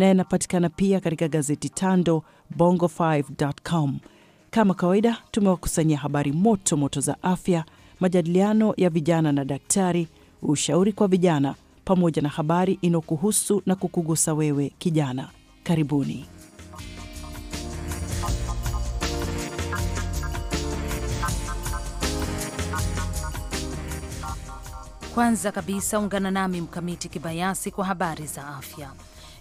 na yanapatikana pia katika gazeti tando bongo5.com. Kama kawaida, tumewakusanyia habari moto moto za afya, majadiliano ya vijana na daktari, ushauri kwa vijana, pamoja na habari inayokuhusu na kukugusa wewe kijana. Karibuni. Kwanza kabisa ungana nami Mkamiti Kibayasi kwa habari za afya.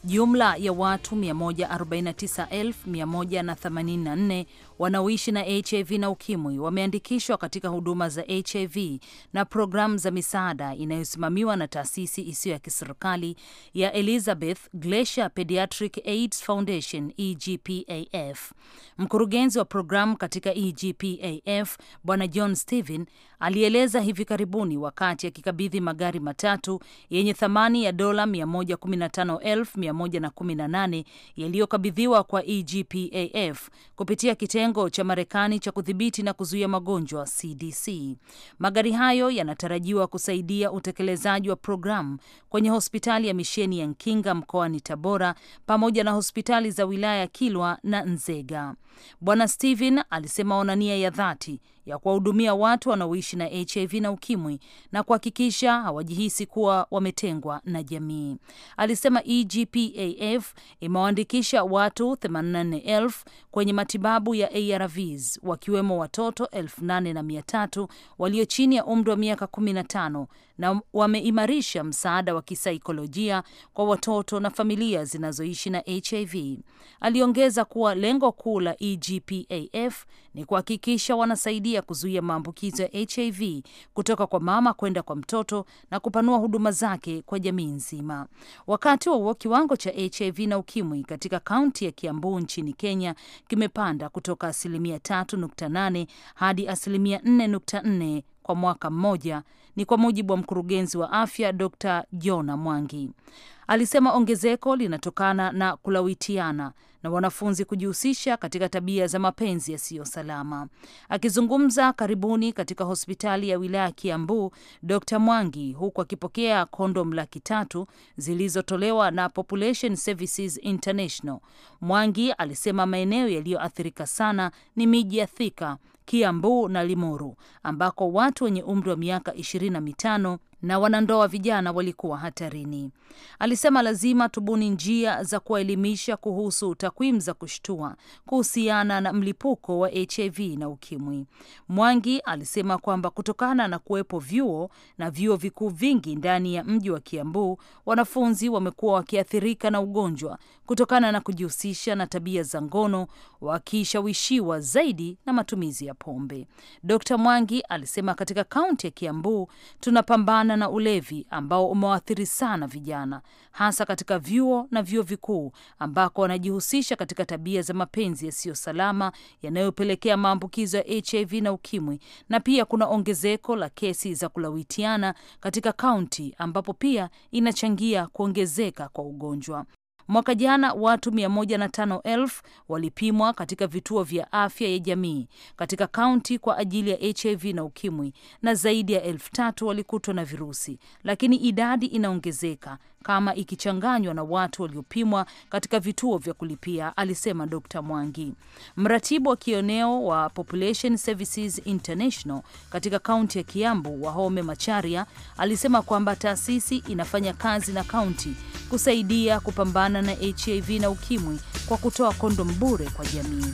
Jumla ya watu 149184 wanaoishi na HIV na ukimwi wameandikishwa katika huduma za HIV na programu za misaada inayosimamiwa na taasisi isiyo ya kiserikali ya Elizabeth Glacier Pediatric AIDS Foundation EGPAF. Mkurugenzi wa programu katika EGPAF Bwana John Steven alieleza hivi karibuni wakati akikabidhi magari matatu yenye thamani ya dola 115,118 yaliyokabidhiwa kwa EGPAF kupitia kitengo kitengo cha Marekani cha kudhibiti na kuzuia magonjwa CDC. Magari hayo yanatarajiwa kusaidia utekelezaji wa programu kwenye hospitali ya misheni ya Nkinga mkoani Tabora pamoja na hospitali za wilaya Kilwa na Nzega. Bwana Steven alisema wana nia ya dhati ya kuwahudumia watu wanaoishi na HIV na ukimwi na kuhakikisha hawajihisi kuwa wametengwa na jamii. Alisema EGPAF imewaandikisha watu 84,000 kwenye matibabu ya ARVs wakiwemo watoto 8300 walio chini ya umri wa miaka 15 na wameimarisha msaada wa kisaikolojia kwa watoto na familia zinazoishi na HIV. Aliongeza kuwa lengo kuu la EGPAF ni kuhakikisha wanasaidia kuzuia maambukizo ya HIV kutoka kwa mama kwenda kwa mtoto na kupanua huduma zake kwa jamii nzima. Wakati huo kiwango cha HIV na ukimwi katika kaunti ya Kiambu nchini Kenya kimepanda kutoka asilimia 3.8 hadi asilimia 4.4 kwa mwaka mmoja, ni kwa mujibu wa mkurugenzi wa afya Dr. Jona Mwangi. Alisema ongezeko linatokana na kulawitiana na wanafunzi kujihusisha katika tabia za mapenzi yasiyo salama. Akizungumza karibuni katika hospitali ya wilaya Kiambu, Dr. Mwangi huku akipokea kondom laki tatu zilizotolewa na Population Services International, Mwangi alisema maeneo yaliyoathirika sana ni miji ya Thika, Kiambu na Limuru, ambako watu wenye umri wa miaka ishirini na mitano na wanandoa vijana walikuwa hatarini. Alisema lazima tubuni njia za kuwaelimisha kuhusu takwimu za kushtua kuhusiana na mlipuko wa HIV na ukimwi. Mwangi alisema kwamba kutokana na kuwepo vyuo na vyuo vikuu vingi ndani ya mji wa Kiambu, wanafunzi wamekuwa wakiathirika na ugonjwa kutokana na kujihusisha na tabia za ngono wakishawishiwa zaidi na matumizi ya pombe. d Mwangi alisema katika kaunti ya Kiambu tunapambana na ulevi ambao umewaathiri sana vijana, hasa katika vyuo na vyuo vikuu ambako wanajihusisha katika tabia za mapenzi yasiyo salama yanayopelekea maambukizo ya HIV na UKIMWI, na pia kuna ongezeko la kesi za kulawitiana katika kaunti ambapo pia inachangia kuongezeka kwa ugonjwa. Mwaka jana watu 105,000 walipimwa katika vituo vya afya ya jamii katika kaunti kwa ajili ya HIV na ukimwi na zaidi ya elfu tatu walikutwa na virusi, lakini idadi inaongezeka kama ikichanganywa na watu waliopimwa katika vituo vya kulipia, alisema d Mwangi. Mratibu wa kioneo wa Population Services International katika kaunti ya Kiambu, Wahome Macharia, alisema kwamba taasisi inafanya kazi na kaunti kusaidia kupambana na HIV na ukimwi kwa kutoa kondom bure kwa jamii.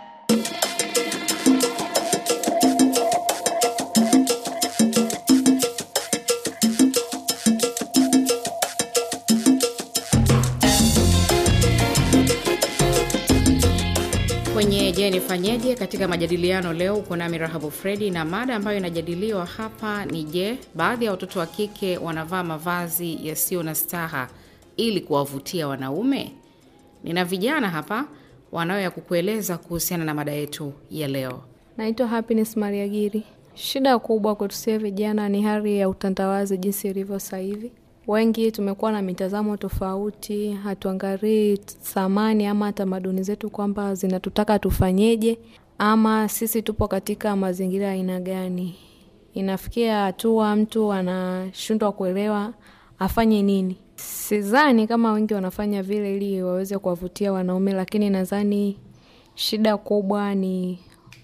kwenye Je Nifanyeje katika majadiliano leo, uko nami Rahabu Fredi, na mada ambayo inajadiliwa hapa ni je, baadhi ya watoto wa kike wanavaa mavazi yasiyo na staha ili kuwavutia wanaume? Nina vijana hapa wanao ya kukueleza kuhusiana na mada yetu ya leo. Naitwa Happiness Mariagiri. Shida kubwa kutusia vijana ni hali ya utandawazi jinsi ilivyo hivi wengi tumekuwa na mitazamo tofauti, hatuangalii thamani ama tamaduni zetu kwamba zinatutaka tufanyeje ama sisi tupo katika mazingira ya aina gani. Inafikia hatua mtu anashindwa kuelewa afanye nini. sizani kama wengi wanafanya vile ili waweze kuwavutia wanaume, lakini nadhani shida kubwa ni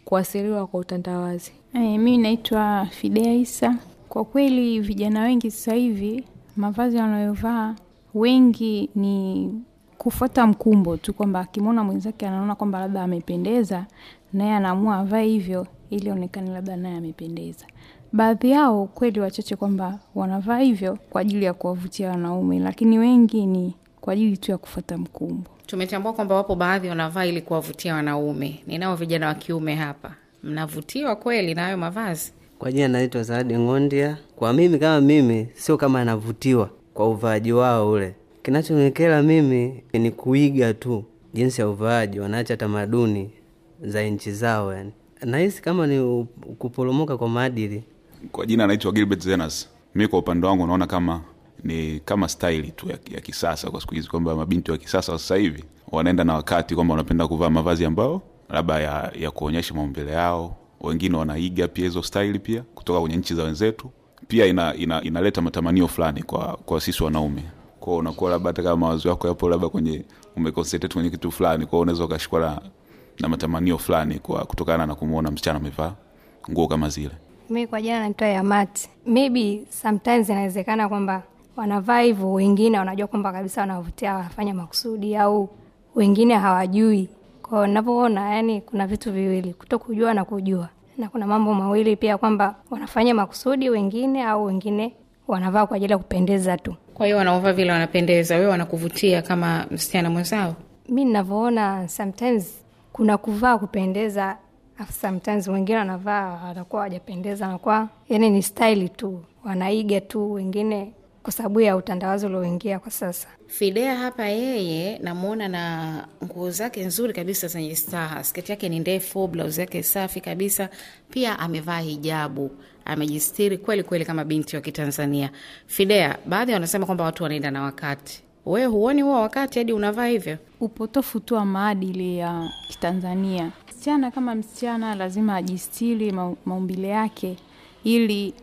kuasiriwa kwa utandawazi. e, eh, mi naitwa Fidea Isa. Kwa kweli vijana wengi sasa hivi mavazi wanayovaa wengi ni kufuata mkumbo tu, kwamba akimwona mwenzake anaona kwamba labda amependeza, naye anaamua avae hivyo ili aonekane labda naye amependeza. Baadhi yao kweli wachache kwamba wanavaa hivyo kwa ajili ya kuwavutia wanaume, lakini wengi ni kwa ajili tu ya kufuata mkumbo. Tumetambua kwamba wapo baadhi wanavaa ili kuwavutia wanaume. Ninao vijana wa kiume hapa, mnavutiwa kweli na hayo mavazi? Kwa jina naitwa Zawadi Ng'ondia. Kwa mimi kama mimi, sio kama anavutiwa kwa uvaaji wao ule. kinachonekela mimi ni kuiga tu jinsi ya uvaaji, wanaacha tamaduni za nchi zao. Yani nahisi kama ni kuporomoka kwa maadili. Kwa jina anaitwa Gilbert Zenas. Mi kwa upande wangu naona kama ni kama staili tu ya, ya kisasa kwa siku hizi, kwamba mabinti wa kisasa sasa hivi wanaenda na wakati, kwamba wanapenda kuvaa mavazi ambayo labda ya, ya kuonyesha maumbile yao wengine wanaiga pia hizo style pia kutoka kwenye nchi za wenzetu pia ina, ina, inaleta matamanio fulani kwa, kwa sisi wanaume kwao unakuwa labda hata kama mawazo yako yapo labda kwenye umeconcentrate kwenye kitu fulani kwao unaweza ukashikwa na, na matamanio fulani kwa kutokana na kumuona msichana amevaa nguo kama zile mi kwa jina naitwa yamat maybe sometimes inawezekana kwamba wanavaa hivyo wengine wanajua kwamba kabisa wanavutia wanafanya makusudi au wengine hawajui kwa ninavyoona, yani kuna vitu viwili, kuto kujua na kujua, na kuna mambo mawili pia, kwamba wanafanya makusudi wengine, au wengine wanavaa kwa ajili ya kupendeza tu. Kwa hiyo wanaovaa vile wanapendeza, wewe wanakuvutia kama msichana mwenzao? Mi ninavyoona, sometimes kuna kuvaa kupendeza sometimes wengine wanavaa watakuwa wajapendeza, nakuwa yani ni style tu, wanaiga tu wengine kwa sababu ya utandawazi ulioingia kwa sasa. Fidea hapa yeye namwona na nguo zake nzuri kabisa zenye staha, sketi yake ni ndefu, blauzi yake safi kabisa, pia amevaa hijabu, amejistiri kweli kweli kama binti wa Kitanzania. Fidea, baadhi wanasema kwamba watu wanaenda na wakati We huoni huo wakati hadi unavaa hivyo? Upotofu tu wa maadili ya Kitanzania. Msichana kama msichana lazima ajistiri maumbile yake ili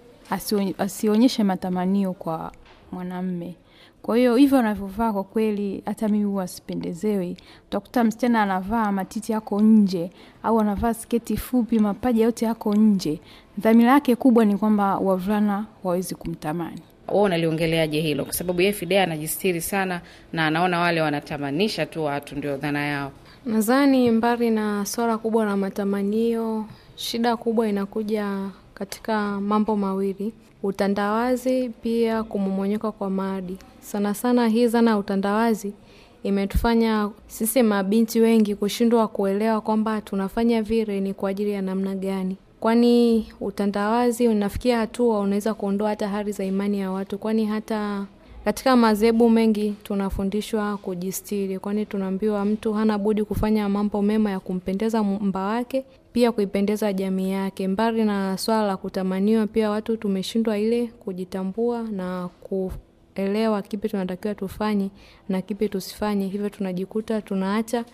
asionyeshe matamanio kwa mwanamme. Kwa hiyo hivyo anavyovaa kwa kweli, hata mimi huwa sipendezewi. Utakuta msichana anavaa matiti yako nje, au anavaa sketi fupi, mapaja yote yako nje. Dhamira yake kubwa ni kwamba wavulana wawezi kumtamani. Wewe unaliongeleaje hilo? Kwa sababu yeye Fidea anajistiri sana na anaona wale wanatamanisha tu watu, ndio dhana yao. Nadhani mbali na swala kubwa la matamanio, shida kubwa inakuja katika mambo mawili, utandawazi pia kumomonyoka kwa maadi Sana sana hii zana ya utandawazi imetufanya sisi mabinti wengi kushindwa kuelewa kwamba tunafanya vile ni kwa ajili ya namna gani, kwani utandawazi unafikia hatua unaweza kuondoa hata hali za imani ya watu, kwani hata katika madhehebu mengi tunafundishwa kujistiri, kwani tunaambiwa mtu hana budi kufanya mambo mema ya kumpendeza mumba wake pia kuipendeza jamii yake. Mbali na swala la kutamaniwa, pia watu tumeshindwa ile kujitambua na kuelewa kipi tunatakiwa tufanye na kipi tusifanye, hivyo tunajikuta tunaacha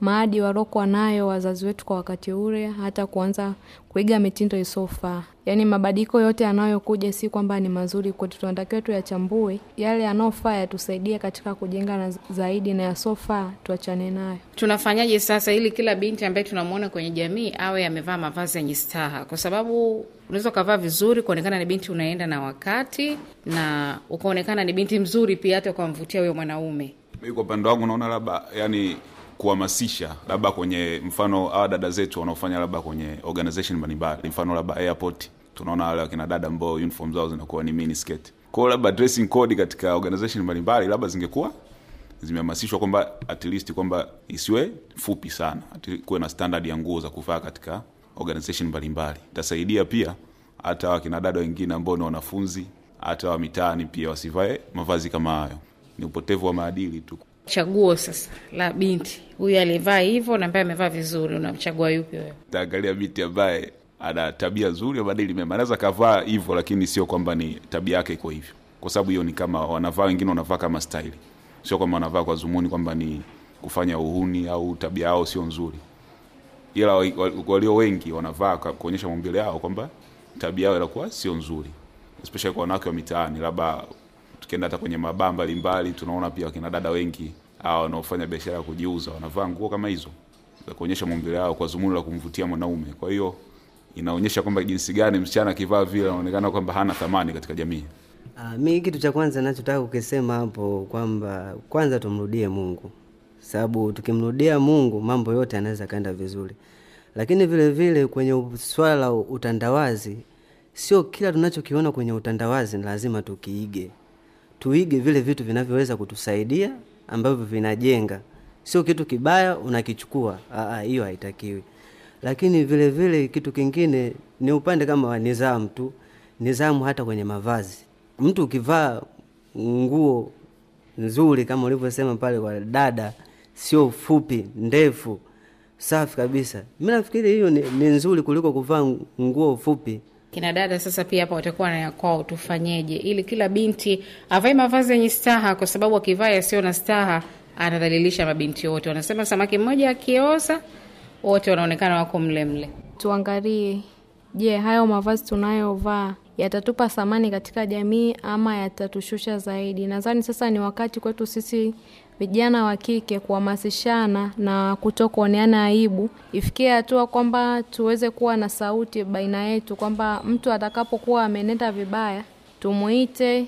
maadi waliokuwa nayo wazazi wetu kwa wakati ule, hata kuanza kuiga mitindo isiofaa Yaani mabadiliko yote yanayokuja si kwamba ni mazuri kwetu, tunatakiwa tuyachambue, yale yanayofaa yatusaidia katika kujenga na zaidi, na yasiofaa tuachane nayo. Tunafanyaje sasa ili kila binti ambaye tunamwona kwenye jamii awe amevaa mavazi yenye staha? Kwa sababu unaweza ukavaa vizuri kuonekana ni binti unaenda na wakati, na ukaonekana ni binti mzuri pia, hata ukamvutia huyo mwanaume. Mi kwa upande wangu naona labda yani kuhamasisha labda kwenye mfano hawa dada zetu wanaofanya labda kwenye organization mbalimbali mfano labda airport tunaona wale wakina dada ambao uniform zao zinakuwa ni mini skirt kwao labda dressing code katika organization mbalimbali labda zingekuwa zimehamasishwa kwamba at least kwamba isiwe fupi sana kuwe na standard ya nguo za kuvaa katika organization mbalimbali itasaidia pia hata wakina dada wengine ambao ni wanafunzi hata wa mitaani pia wasivae mavazi kama hayo ni upotevu wa maadili tu chaguo sasa la binti huyu alivaa hivyo na ambaye amevaa vizuri, unamchagua yupi wewe? Taangalia binti ambaye ana tabia nzuri, maadili mema, anaweza kavaa hivyo, lakini sio kwamba ni tabia yake iko hivyo, kwa sababu hiyo ni kama wanavaa wengine, wanavaa kama staili, sio kwamba wanavaa kwa zumuni kwamba ni kufanya uhuni au tabia yao sio nzuri, ila walio wengi wanavaa kuonyesha maumbile yao kwamba tabia yao inakuwa sio nzuri, especially kwa wanawake wa mitaani, labda tukienda hata kwenye mabaa mbalimbali tunaona pia wakina dada wengi hao wanaofanya biashara ya kujiuza wanavaa nguo kama hizo za kuonyesha maumbile yao kwa dhumuni la kumvutia mwanaume. Kwa hiyo inaonyesha kwamba jinsi gani msichana akivaa vile anaonekana kwamba hana thamani katika jamii. Uh, mi kitu cha kwanza nachotaka kukisema hapo kwamba kwanza tumrudie Mungu, sababu tukimrudia Mungu mambo yote yanaweza kaenda vizuri. Lakini vile vile kwenye swala la utandawazi, sio kila tunachokiona kwenye utandawazi lazima tukiige tuige vile vitu vinavyoweza kutusaidia ambavyo vinajenga, sio kitu kibaya unakichukua. Hiyo haitakiwi. Lakini vile vile kitu kingine ni upande kama wa nizamu tu, nizamu hata kwenye mavazi. Mtu ukivaa nguo nzuri kama ulivyosema pale kwa dada, sio fupi, ndefu, safi kabisa, mi nafikiri hiyo ni, ni nzuri kuliko kuvaa nguo fupi. Kina dada sasa pia hapa watakuwa na kwao, tufanyeje ili kila binti avae mavazi yenye staha, kwa sababu akivaa yasiyo na staha anadhalilisha mabinti wote. Wanasema samaki mmoja akioza wote wanaonekana wako mlemle. Tuangalie, je, hayo mavazi tunayovaa yatatupa thamani katika jamii ama yatatushusha zaidi? Nadhani sasa ni wakati kwetu sisi vijana wa kike kuhamasishana na kutokuoneana aibu, ifikie hatua kwamba tuweze kuwa na sauti baina yetu, kwamba mtu atakapokuwa amenenda vibaya tumuite,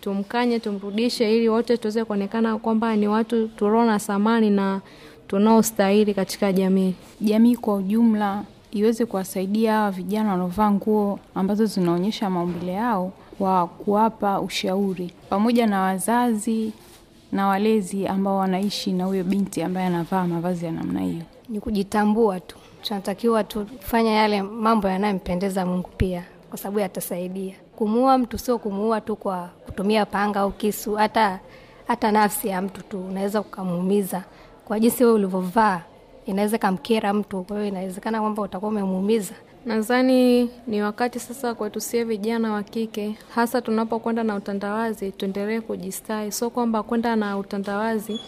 tumkanye, tumrudishe, ili wote tuweze kuonekana kwamba ni watu tulio na thamani na tunaostahili katika jamii. Jamii kwa ujumla iweze kuwasaidia hawa vijana wanaovaa nguo ambazo zinaonyesha maumbile yao kwa kuwapa ushauri pamoja na wazazi na walezi ambao wanaishi na huyo binti ambaye anavaa mavazi ya namna hiyo. Ni kujitambua tu, tunatakiwa tufanya yale mambo yanayompendeza Mungu pia, kwa sababu yatasaidia kumuua mtu, sio kumuua tu kwa kutumia panga au kisu. Hata hata nafsi ya mtu tu unaweza ukamuumiza kwa jinsi wewe ulivyovaa, inaweza kamkera mtu. Kwa hiyo inawezekana kwamba utakuwa umemuumiza Nadhani ni wakati sasa kwa tusie vijana wa kike, hasa tunapokwenda na utandawazi, tuendelee kujistai sio kwamba kwenda na utandawazi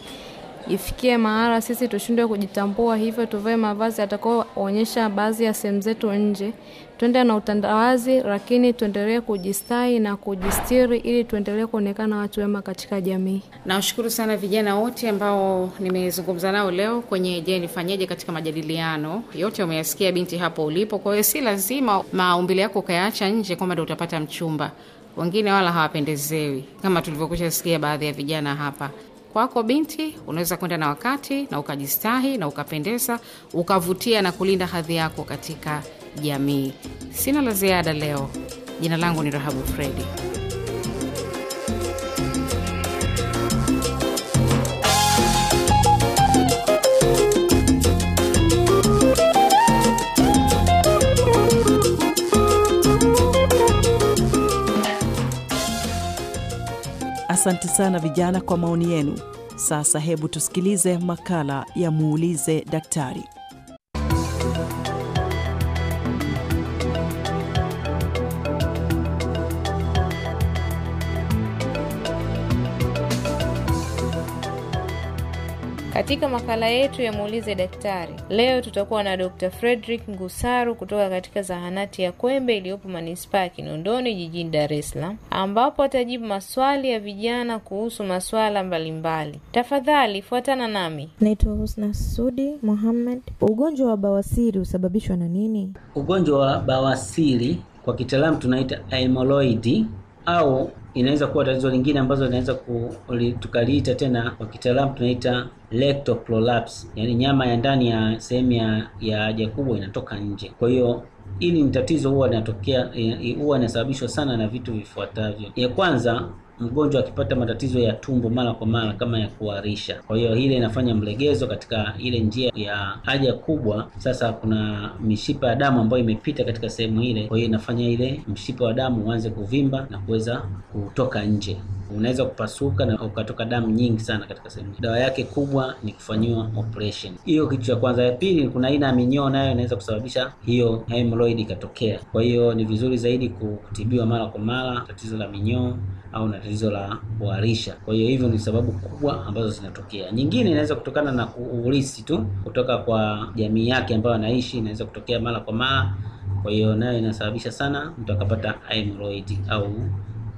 ifikie mahala sisi tushindwe kujitambua, hivyo tuvae mavazi yatakayoonyesha baadhi ya sehemu zetu nje. Tuende na utandawazi, lakini tuendelee kujistahi na kujistiri ili tuendelee kuonekana watu wema katika jamii. Nawashukuru sana vijana wote ambao nimezungumza nao leo kwenye Je, nifanyeje katika majadiliano. Yote umeyasikia binti hapo ulipo, kwa hiyo si lazima maumbile yako ukayaacha nje kwamba ndo utapata mchumba. Wengine wala hawapendezewi kama tulivyokusha sikia baadhi ya vijana hapa kwako binti, unaweza kwenda na wakati na ukajistahi na ukapendeza ukavutia na kulinda hadhi yako katika jamii. Sina la ziada leo. Jina langu ni Rahabu Fredi. Asante sana vijana kwa maoni yenu. Sasa hebu tusikilize makala ya muulize daktari. Katika makala yetu ya muulize daktari leo tutakuwa na Dr. Frederick Ngusaru kutoka katika zahanati ya Kwembe iliyopo manispaa ya Kinondoni jijini Dar es Salaam, ambapo atajibu maswali ya vijana kuhusu maswala mbalimbali. Tafadhali fuatana nami. Naitwa Husna Sudi Mohammed. Ugonjwa wa bawasiri husababishwa na nini? Ugonjwa wa bawasiri kwa kitaalamu tunaita amyloid au inaweza kuwa tatizo lingine ambazo linaweza tukaliita tena kwa kitaalamu tunaita rectal prolapse, yani nyama ya ndani ya sehemu ya haja kubwa inatoka nje. Kwa hiyo hili ni tatizo huwa linatokea, eh, huwa inasababishwa sana na vitu vifuatavyo. Ya kwanza mgonjwa akipata matatizo ya tumbo mara kwa mara kama ya kuharisha. Kwa hiyo ile inafanya mlegezo katika ile njia ya haja kubwa. Sasa kuna mishipa ya damu ambayo imepita katika sehemu ile, kwa hiyo inafanya ile mshipa wa damu uanze kuvimba na kuweza kutoka nje unaweza kupasuka na ukatoka damu nyingi sana katika sehemu. Dawa yake kubwa ni kufanyiwa operation. Hiyo kitu cha kwanza. Ya pili, kuna aina ya minyoo nayo inaweza kusababisha hiyo hemorrhoid ikatokea. Kwa hiyo ni vizuri zaidi kutibiwa mara kwa mara tatizo la minyoo au na tatizo la kuharisha. Kwa hiyo hivyo ni sababu kubwa ambazo zinatokea. Nyingine inaweza kutokana na urisi tu kutoka kwa jamii yake ambayo anaishi, inaweza kutokea mara kwa mara. Kwa hiyo nayo inasababisha sana mtu akapata hemorrhoid au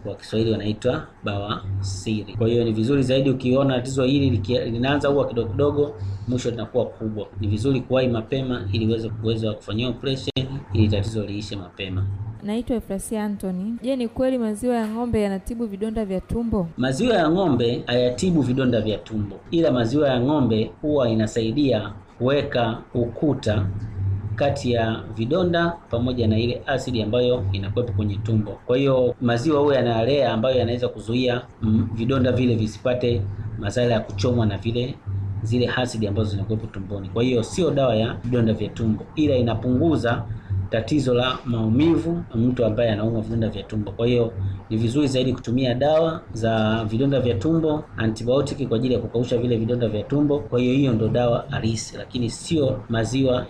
kwa Kiswahili wanaitwa bawasiri. Kwa hiyo ni vizuri zaidi ukiona tatizo hili linaanza huwa kidogo kidogo, mwisho linakuwa kubwa, ni vizuri kuwahi mapema ili uweze kuweza kufanyia operation ili tatizo liishe mapema. Naitwa Efrasia Anthony. Je, ni kweli maziwa ya ng'ombe yanatibu vidonda vya tumbo? Maziwa ya ng'ombe hayatibu vidonda vya tumbo, ila maziwa ya ng'ombe huwa inasaidia kuweka ukuta kati ya vidonda pamoja na ile asidi ambayo inakuwepo kwenye tumbo. Kwa hiyo maziwa huwa yanalea ambayo yanaweza kuzuia mm, vidonda vile visipate madhara ya kuchomwa na vile zile asidi ambazo zinakuwepo tumboni. Kwa hiyo sio dawa ya vidonda vya tumbo, ila inapunguza tatizo la maumivu, mtu ambaye anaumwa vidonda vya tumbo. Kwa hiyo ni vizuri zaidi kutumia dawa za vidonda vya tumbo, antibiotiki kwa ajili ya kukausha vile vidonda vya tumbo. Kwa hiyo hiyo ndo dawa halisi, lakini sio maziwa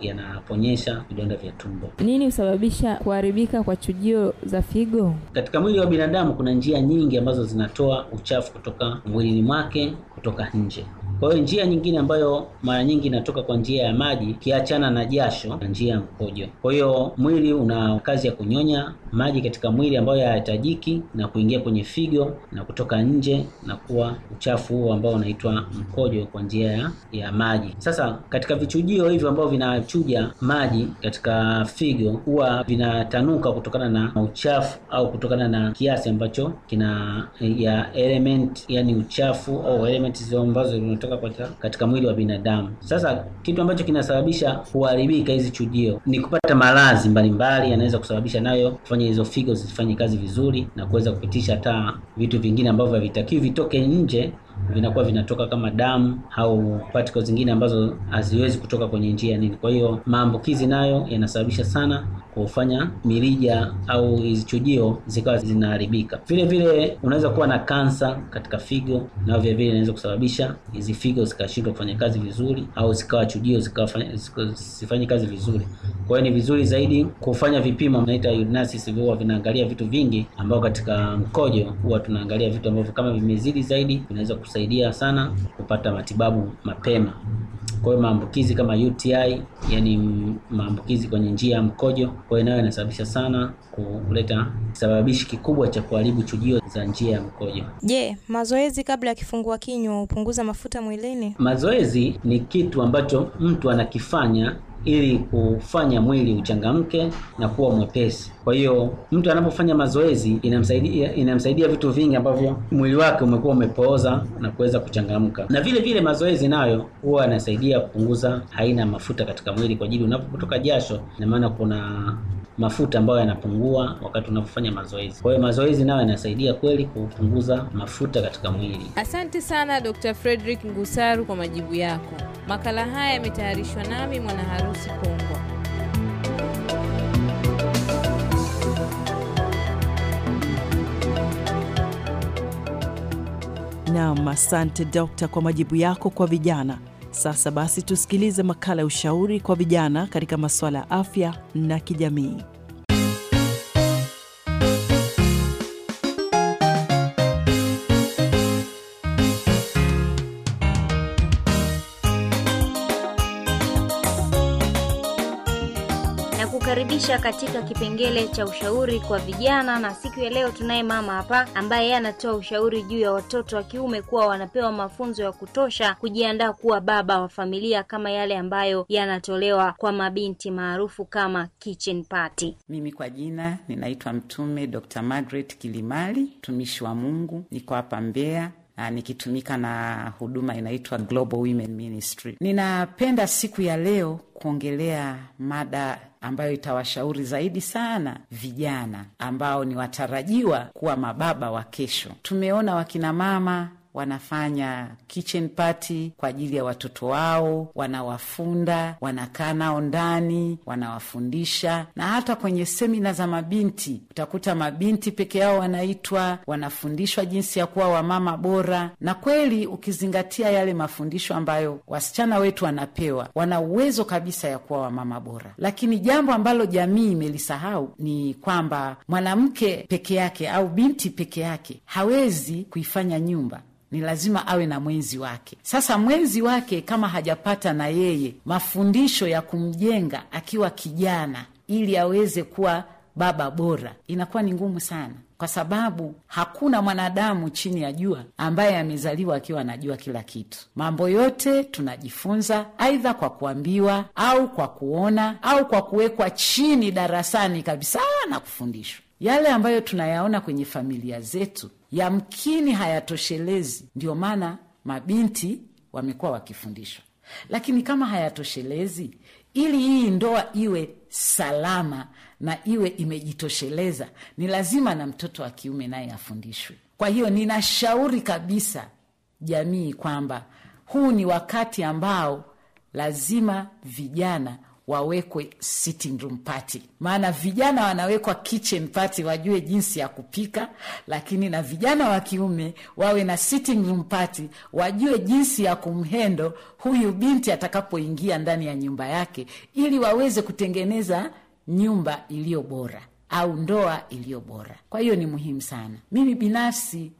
yanaponyesha yana vidonda vya tumbo. Nini husababisha kuharibika kwa chujio za figo? Katika mwili wa binadamu kuna njia nyingi ambazo zinatoa uchafu kutoka mwilini mwake kutoka nje. Kwa hiyo njia nyingine ambayo mara nyingi inatoka kwa njia ya maji, kiachana na jasho na njia ya mkojo. Kwa hiyo mwili una kazi ya kunyonya maji katika mwili ambayo hayahitajiki na kuingia kwenye figo na kutoka nje na kuwa uchafu huo ambao unaitwa mkojo kwa njia ya, ya maji. Sasa katika vichujio hivyo ambao vinachuja maji katika figo huwa vinatanuka kutokana na uchafu au kutokana na kiasi ambacho kina ya element yani uchafu au hizo ambazo zinatoka katika mwili wa binadamu. Sasa kitu ambacho kinasababisha kuharibika hizi chujio ni kupata maradhi mbalimbali yanaweza kusababisha nayo kufanya kufanya hizo figures zifanye kazi vizuri na kuweza kupitisha hata vitu vingine ambavyo havitakiwi vitoke nje, vinakuwa vinatoka kama damu au particles zingine ambazo haziwezi kutoka kwenye njia nini. Kwa hiyo maambukizi nayo yanasababisha sana kufanya mirija au hizi chujio zikawa zinaharibika. Vile vile unaweza kuwa na kansa katika figo, na vile vile inaweza kusababisha hizi figo zikashindwa kufanya kazi vizuri, au zikawa chujio zifanye kazi vizuri. Kwa hiyo ni vizuri zaidi kufanya vipimo, naita urinalysis, huwa vinaangalia vitu vingi, ambao katika mkojo huwa tunaangalia vitu ambavyo kama vimezidi zaidi, vinaweza kusaidia sana kupata matibabu mapema. Kwa hiyo maambukizi kama UTI, yani maambukizi kwenye njia ya mkojo, kwa hiyo nayo inasababisha sana kuleta kisababishi kikubwa cha kuharibu chujio za njia ya mkojo. Je, yeah, mazoezi kabla ya kifungua kinywa hupunguza mafuta mwilini? Mazoezi ni kitu ambacho mtu anakifanya ili kufanya mwili uchangamke na kuwa mwepesi. Kwa hiyo mtu anapofanya mazoezi inamsaidia inamsaidia vitu vingi ambavyo mwili wake umekuwa umepooza na kuweza kuchangamka. Na vile vile mazoezi nayo huwa yanasaidia kupunguza haina mafuta katika mwili, kwa ajili unapotoka jasho, na maana kuna mafuta ambayo yanapungua wakati unapofanya mazoezi. Kwa hiyo mazoezi nayo yanasaidia kweli kupunguza mafuta katika mwili. Asante sana Dr. Frederick Ngusaru kwa majibu yako. Makala haya yametayarishwa nami mwana harusi Pongwa. Nam, asante dokta kwa majibu yako kwa vijana. Sasa basi tusikilize makala ya ushauri kwa vijana katika masuala ya afya na kijamii. kukaribisha katika kipengele cha ushauri kwa vijana, na siku ya leo tunaye mama hapa ambaye yeye anatoa ushauri juu ya watoto wa kiume kuwa wanapewa mafunzo ya kutosha kujiandaa kuwa baba wa familia kama yale ambayo yanatolewa kwa mabinti maarufu kama kitchen party. Mimi kwa jina ninaitwa Mtume Dr. Margaret Kilimali, mtumishi wa Mungu, niko hapa mbea nikitumika na huduma inaitwa Global Women Ministry. Ninapenda siku ya leo kuongelea mada ambayo itawashauri zaidi sana vijana ambao ni watarajiwa kuwa mababa wa kesho. Tumeona wakinamama wanafanya kitchen party kwa ajili ya watoto wao, wanawafunda, wanakaa nao ndani, wanawafundisha. Na hata kwenye semina za mabinti utakuta mabinti peke yao wanaitwa, wanafundishwa jinsi ya kuwa wamama bora. Na kweli ukizingatia yale mafundisho ambayo wasichana wetu wanapewa, wana uwezo kabisa ya kuwa wamama bora. Lakini jambo ambalo jamii imelisahau ni kwamba mwanamke peke yake au binti peke yake hawezi kuifanya nyumba ni lazima awe na mwenzi wake. Sasa mwenzi wake kama hajapata na yeye mafundisho ya kumjenga akiwa kijana, ili aweze kuwa baba bora, inakuwa ni ngumu sana, kwa sababu hakuna mwanadamu chini ya jua ambaye amezaliwa akiwa anajua kila kitu. Mambo yote tunajifunza aidha kwa kuambiwa au kwa kuona au kwa kuwekwa chini darasani kabisa na kufundishwa. Yale ambayo tunayaona kwenye familia zetu yamkini hayatoshelezi. Ndio maana mabinti wamekuwa wakifundishwa, lakini kama hayatoshelezi, ili hii ndoa iwe salama na iwe imejitosheleza, ni lazima na mtoto wa kiume naye afundishwe. Kwa hiyo ninashauri kabisa jamii kwamba huu ni wakati ambao lazima vijana wawekwe sitting room party, maana vijana wanawekwa kitchen party, wajue jinsi ya kupika, lakini na vijana wa kiume wawe na sitting room party, wajue jinsi ya kumhendo huyu binti atakapoingia ndani ya nyumba yake, ili waweze kutengeneza nyumba iliyo bora au ndoa iliyo bora. Kwa hiyo ni muhimu sana. Mimi binafsi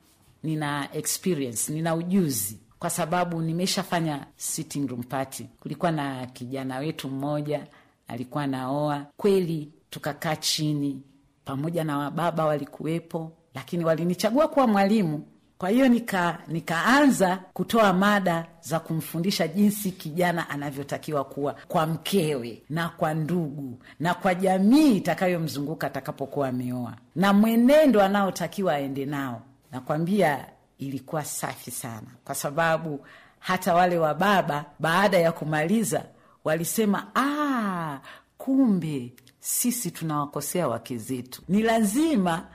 nina experience, nina ujuzi kwa sababu nimeshafanya sitting room party. Kulikuwa na kijana wetu mmoja alikuwa naoa kweli, tukakaa chini pamoja na wababa walikuwepo, lakini walinichagua kuwa mwalimu. Kwa hiyo nika nikaanza kutoa mada za kumfundisha jinsi kijana anavyotakiwa kuwa kwa mkewe na kwa ndugu na kwa jamii itakayomzunguka atakapokuwa ameoa, na mwenendo anaotakiwa aende nao. Nakwambia ilikuwa safi sana, kwa sababu hata wale wa baba baada ya kumaliza walisema ah, kumbe sisi tunawakosea wake zetu. Ni lazima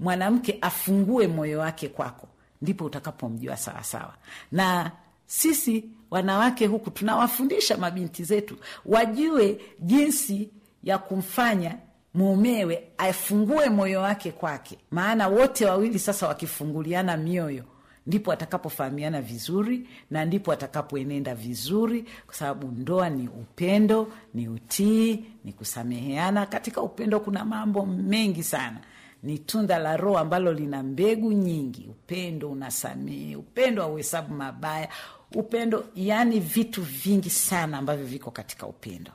mwanamke afungue moyo wake kwako, ndipo utakapomjua sawasawa. Na sisi wanawake huku tunawafundisha mabinti zetu wajue jinsi ya kumfanya mumewe afungue moyo wake kwake, maana wote wawili sasa wakifunguliana mioyo ndipo atakapofahamiana vizuri na ndipo atakapoenenda vizuri, kwa sababu ndoa ni upendo, ni utii, ni kusameheana. Katika upendo kuna mambo mengi sana ni tunda la Roho ambalo lina mbegu nyingi. Upendo unasamehe, upendo auhesabu mabaya, upendo yani vitu vingi sana ambavyo viko katika upendo.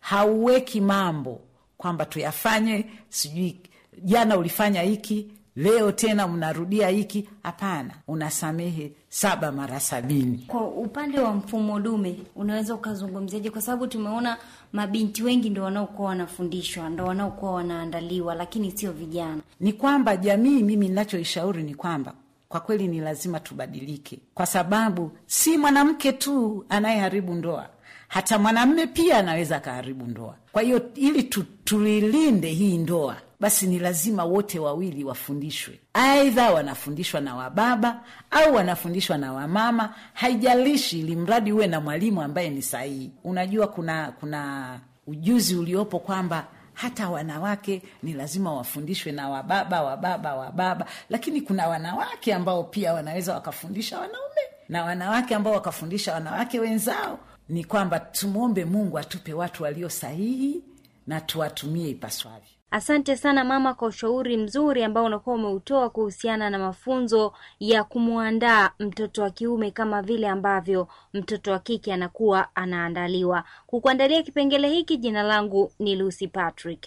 Hauweki mambo kwamba tuyafanye, sijui jana ulifanya hiki, leo tena mnarudia hiki. Hapana, unasamehe saba mara sabini. Kwa upande wa mfumo dume unaweza ukazungumziaje? Kwa sababu tumeona mabinti wengi ndo wanaokuwa wanafundishwa, ndo wanaokuwa wanaandaliwa, lakini sio vijana. Ni kwamba jamii, mimi ninachoishauri ni kwamba kwa kweli ni lazima tubadilike, kwa sababu si mwanamke tu anayeharibu ndoa hata mwanamme pia anaweza akaharibu ndoa. Kwa hiyo ili tuilinde hii ndoa, basi ni lazima wote wawili wafundishwe, aidha wanafundishwa na wababa au wanafundishwa na wamama, haijalishi, ili mradi uwe na mwalimu ambaye ni sahihi. Unajua kuna kuna ujuzi uliopo kwamba hata wanawake ni lazima wafundishwe na wababa wababa wababa, lakini kuna wanawake ambao pia wanaweza wakafundisha wanaume na wanawake ambao wakafundisha wanawake wenzao ni kwamba tumwombe Mungu atupe watu walio sahihi na tuwatumie ipaswavyo. Asante sana mama kwa ushauri mzuri ambao unakuwa umeutoa kuhusiana na mafunzo ya kumwandaa mtoto wa kiume kama vile ambavyo mtoto wa kike anakuwa anaandaliwa. Kukuandalia kipengele hiki, jina langu ni Lucy Patrick.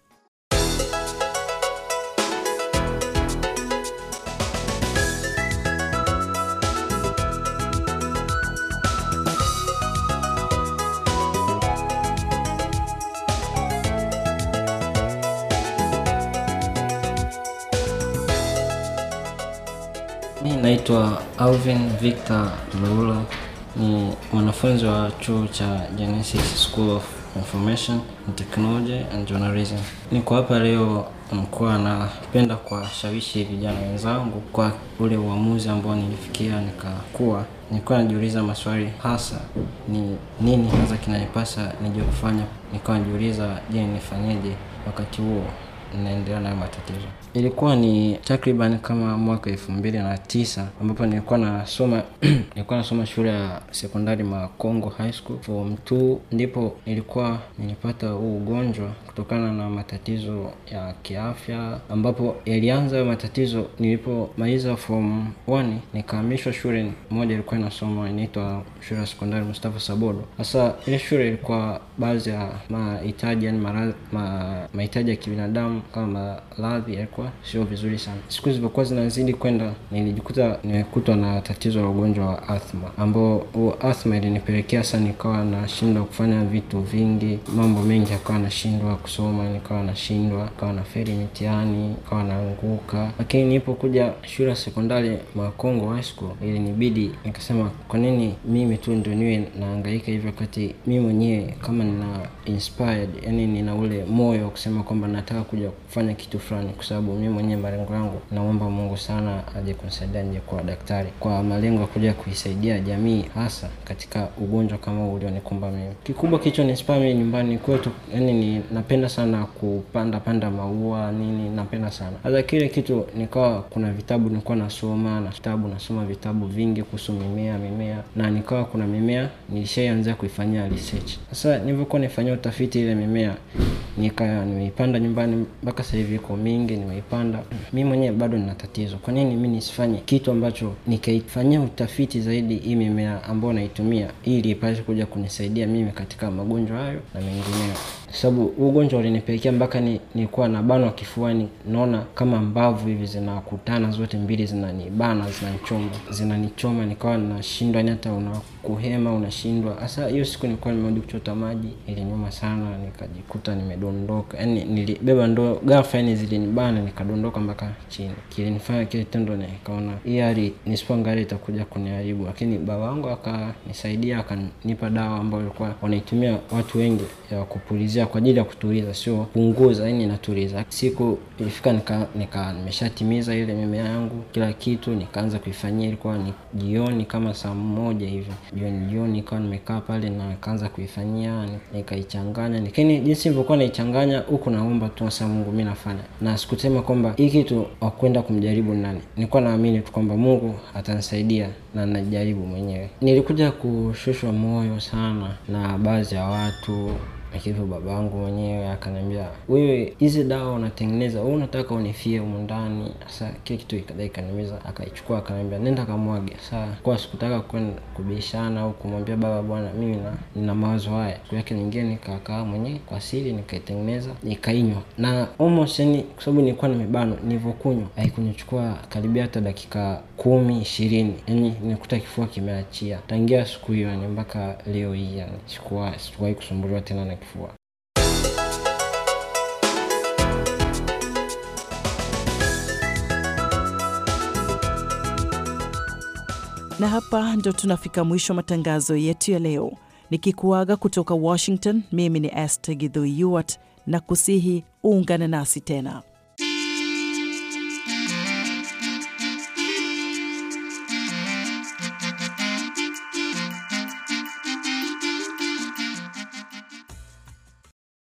Naitwa Alvin Victor Lula, ni mwanafunzi wa chuo cha Genesis School of Information and Technology and Journalism. Niko hapa leo mkoa, napenda kuwashawishi vijana wenzangu kwa ule uamuzi ambao nilifikia nikakuwa. Nilikuwa najiuliza maswali hasa ni nini hasa kinanipasa nije kufanya, nikawa najiuliza, je, nifanyeje wakati huo naendelea nayo matatizo. Ilikuwa ni takriban kama mwaka elfu mbili na tisa ambapo nilikuwa nasoma nilikuwa nasoma shule ya sekondari Makongo High School form t ndipo nilikuwa nilipata huu ugonjwa kutokana na matatizo ya kiafya, ambapo yalianza matatizo nilipomaliza form nikaamishwa shule moja ilikuwa inasoma inaitwa shule ya sekondari Mustafa Sabodo. Sasa ile shule ilikuwa baadhi ya mahitaji yani mahitaji ya kibinadamu kama radhi yalikuwa sio vizuri sana. Siku zilivyokuwa zinazidi kwenda, nilijikuta nimekutwa na tatizo la ugonjwa wa athma, ambao huo athma ilinipelekea sana nikawa nashindwa kufanya vitu vingi, mambo mengi akawa nashindwa kusoma, nikawa nashindwa, nikawa na feri mitihani, nikawa naanguka. Lakini nilipokuja shule ya sekondari Makongo High School, ilinibidi nikasema, kwa nini mimi tu ndio niwe naangaika hivyo, wakati mimi mwenyewe kama nina inspired, yani nina ule moyo wa kusema kwamba nataka kuja kufanya kitu fulani, kwa sababu mimi mwenyewe malengo yangu, naomba Mungu sana aje kunisaidia nje kuwa daktari, kwa malengo ya kuja kuisaidia jamii, hasa katika ugonjwa kama huu ulionikumba mimi. Kikubwa kilichoninspire mimi nyumbani kwetu, yani ni napenda sana kupanda panda maua nini, napenda sana hata kile kitu. Nikawa kuna vitabu nilikuwa nasoma na vitabu nasoma vitabu vingi kuhusu mimea mimea, na nikawa kuna mimea nilishaianza kuifanyia research. Sasa nilivyokuwa naifanyia utafiti ile mimea, nika nimeipanda nyumbani mpaka sasa hivi iko mingi, nimeipanda mi mwenyewe, bado nina tatizo. Kwa nini mi nisifanye kitu ambacho nikaifanyia utafiti zaidi hii mimea ambayo naitumia, ili ipate kuja kunisaidia mimi katika magonjwa hayo na mengineyo sababu ugonjwa ulinipekea mpaka ni, nilikuwa na banwa kifuani, naona kama mbavu hivi zinakutana zote mbili zinanibana, zinanichoma, zinanichoma, nikawa nashindwa yaani hata unakuhema, unashindwa hasa. Hiyo siku nilikuwa nimerudi kuchota maji, ilinyuma sana, nikajikuta nimedondoka, yani nilibeba ndo gafa yani zilinibana, nikadondoka mpaka chini. Kilinifanya kile tendo, nikaona hii hali nisipoangalia itakuja kuniharibu, lakini baba wangu akanisaidia, akanipa dawa ambayo ilikuwa wanaitumia watu wengi ya kupulizia kuchezea kwa ajili ya kutuliza, sio kupunguza. Yani natuliza Siku ilifika nika, nika nimeshatimiza ile mimea yangu kila kitu, nikaanza kuifanyia. Ilikuwa ni jioni kama saa moja hivi jioni, jioni nikawa nimekaa pale na nikaanza kuifanyia, nikaichanganya, lakini jinsi nilivyokuwa naichanganya huku, naomba tu sasa, Mungu mimi nafanya, na sikusema kwamba hii kitu wakwenda kumjaribu nani. Nilikuwa naamini tu kwamba Mungu atanisaidia na najaribu mwenyewe. Nilikuja kushushwa moyo sana na baadhi ya watu na hivyo babangu mwenyewe akaniambia, wewe hizi dawa unatengeneza wewe unataka unifie humu ndani. Sasa kile kitu ikadai kanimiza, akaichukua akaniambia, nenda kamwage. Sasa kwa sikutaka kwenda kubishana au kumwambia baba, bwana, mimi na nina mawazo haya. Siku yake nyingine nikakaa mwenyewe kwa siri nikaitengeneza nikainywa, na almost yani, kwa sababu nilikuwa na mibano, nilivyokunywa haikunichukua karibia hata dakika kumi ishirini, yani nikuta kifua kimeachia. Tangia siku hiyo yani mpaka leo hii yani sikuwahi kusumbuliwa tena na fois. Na hapa ndo tunafika mwisho matangazo yetu ya leo, nikikuaga kutoka Washington. Mimi ni Esther Githu Yuwat na kusihi uungane nasi tena.